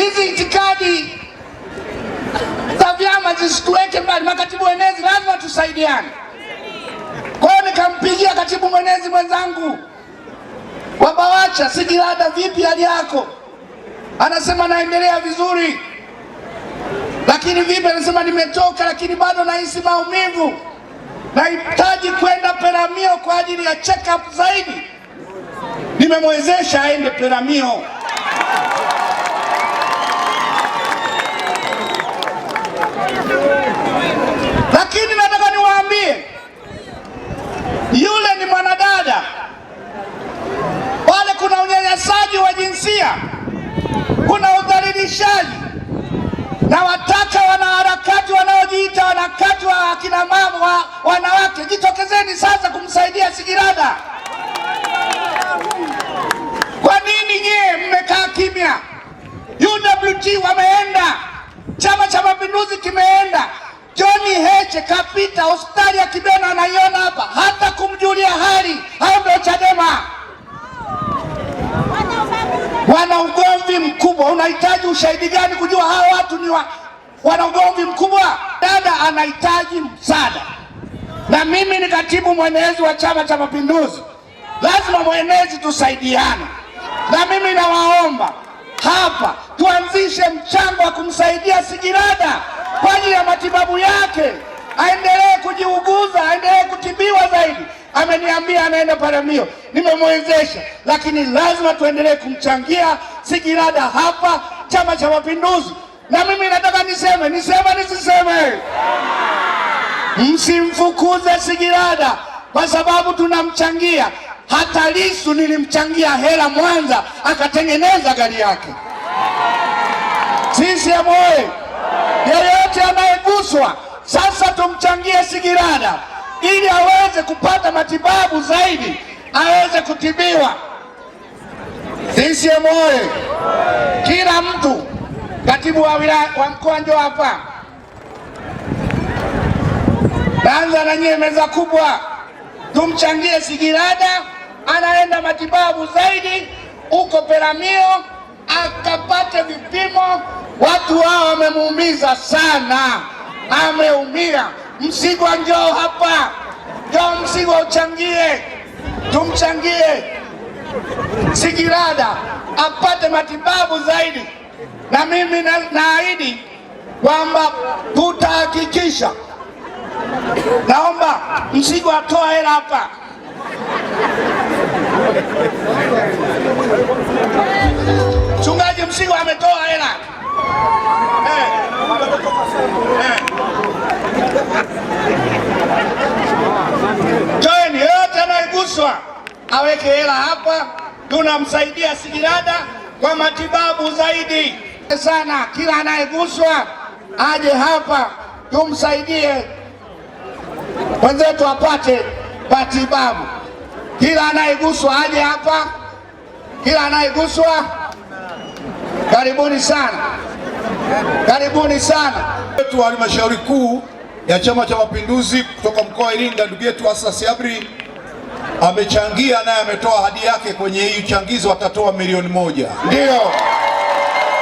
hizi itikadi za vyama zisituweke mbali. Makatibu wenezi lazima tusaidiane. Kwa hiyo nikampigia katibu mwenezi mwenzangu wa BAWACHA vipi hali yako? Anasema naendelea vizuri, lakini vipi? Anasema nimetoka, lakini bado nahisi maumivu, nahitaji kwenda Peramio kwa ajili ya check up zaidi. Nimemwezesha aende Peramio. Lakini nataka niwaambie, yule ni mwanadada, pale kuna unyanyasaji wa jinsia, kuna udhalilishaji, na wataka wanaharakati wanaojiita wanaharakati wa akina mama wa wanawake, jitokezeni sasa kumsaidia Sigirada. Kwa nini nyie mmekaa kimya? UWT wameenda Chama cha Mapinduzi kimeenda John Heche kapita hospitali ya Kibena, anaiona hapa, hata kumjulia hali. Hayo ndio Chadema, wana ugomvi mkubwa. Unahitaji ushahidi gani kujua hawa watu ni wa, wana ugomvi mkubwa? Dada anahitaji msaada, na mimi ni katibu mwenezi wa Chama cha Mapinduzi, lazima mwenezi tusaidiane, na mimi nawaomba hapa tuanzishe mchango wa kumsaidia Sigirada kwa ajili ya matibabu yake, aendelee kujiuguza, aendelee kutibiwa zaidi. Ameniambia anaenda paramio nimemwezesha, lakini lazima tuendelee kumchangia Sigirada hapa Chama cha Mapinduzi. Na mimi nataka niseme, niseme nisiseme, msimfukuze Sigirada kwa sababu tunamchangia. Hata Lisu nilimchangia hela Mwanza akatengeneza gari yake. CCM oyee! Yeyote anayeguswa sasa tumchangie Sigirada ili aweze kupata matibabu zaidi, aweze kutibiwa. CCM oye Kila mtu, katibu wa wilaya wa mkoa ndio hapa Banza, na nyie meza kubwa, tumchangie Sigirada, anaenda matibabu zaidi huko Peramio akapa upate vipimo. Watu hao wamemuumiza sana, ameumia. Msigwa njoo hapa, njoo Msigwa uchangie, tumchangie Sigirada apate matibabu zaidi, na mimi naahidi kwamba tutahakikisha. Naomba Msigwa atoa hela hapa Msingo ametoa hela eh. joeni, Hey. yote anayeguswa aweke hela hapa, tunamsaidia Sigrada kwa matibabu zaidi sana. Kila anayeguswa aje hapa tumsaidie wenzetu apate matibabu. Kila anayeguswa aje hapa, kila anayeguswa Karibuni sana, karibuni sana wetu wa halmashauri kuu ya Chama cha Mapinduzi kutoka mkoa wa Iringa, ndugu yetu Asasi Abri amechangia naye, ametoa hadi yake kwenye hii changizo, watatoa milioni moja. Ndio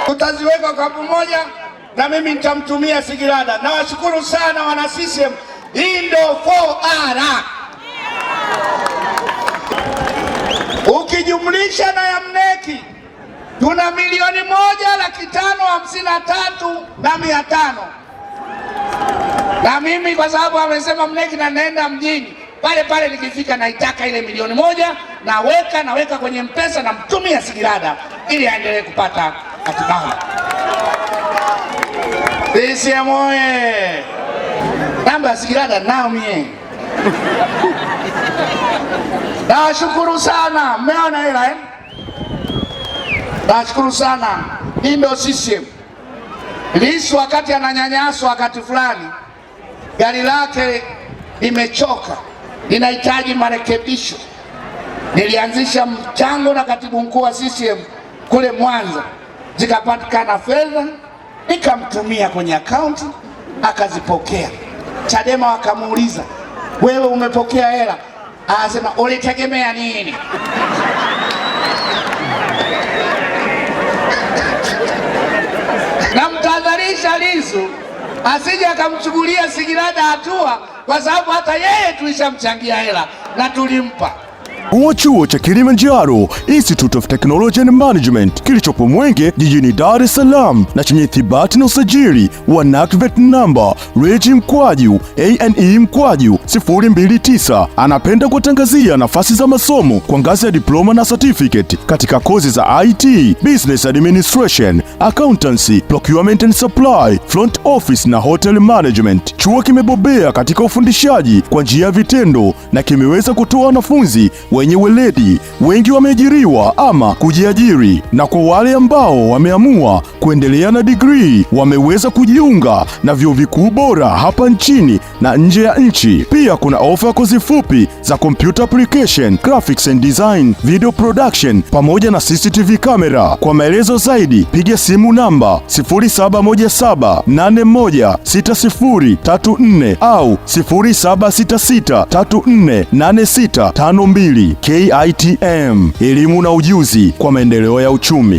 tutaziweka kwa pamoja, na mimi nitamtumia Sigirada. Nawashukuru sana wana CCM, hii ndio 4R ukijumlisha na ya mneki Tuna milioni moja laki tano hamsini na tatu na mia tano na mimi kwa sababu amesema mneki na naenda mjini pale pale, nikifika naitaka ile milioni moja, naweka naweka kwenye mpesa na mtumia Sigirada ili aendelee kupata matibabu. CCM oye! Namba ya Sigirada nao mie nawashukuru sana, mmeona hela eh? Nashukuru sana. Mimi ndio CCM. Lissu wakati ananyanyaswa, wakati fulani gari lake limechoka, linahitaji marekebisho. Nilianzisha mchango na katibu mkuu wa CCM kule Mwanza, zikapatikana fedha nikamtumia kwenye akaunti akazipokea. Chadema wakamuuliza wewe umepokea hela? Anasema ulitegemea nini? na mtahadharisha Lissu asije akamchukulia Sigirada hatua, kwa sababu hata yeye tulishamchangia hela na tulimpa wa chuo cha Kilimanjaro Institute of Technology and Management kilichopo Mwenge jijini Dar es Salaam na chenye ithibati na usajili wa NACVET namba reji mkwaju ane mkwaju 029 anapenda kuwatangazia nafasi za masomo kwa ngazi ya diploma na certificate katika kozi za IT, business administration, accountancy, procurement and supply, front office na hotel management. Chuo kimebobea katika ufundishaji kwa njia ya vitendo na kimeweza kutoa wanafunzi wenye weledi, wengi wameajiriwa ama kujiajiri, na kwa wale ambao wameamua kuendelea na digrii wameweza kujiunga na vyuo vikuu bora hapa nchini na nje ya nchi. Pia kuna ofa ya kozi fupi za computer application, graphics and design, video production pamoja na CCTV camera. Kwa maelezo zaidi piga simu namba 0717816034 au 0766348652. KITM, elimu na ujuzi kwa maendeleo ya uchumi.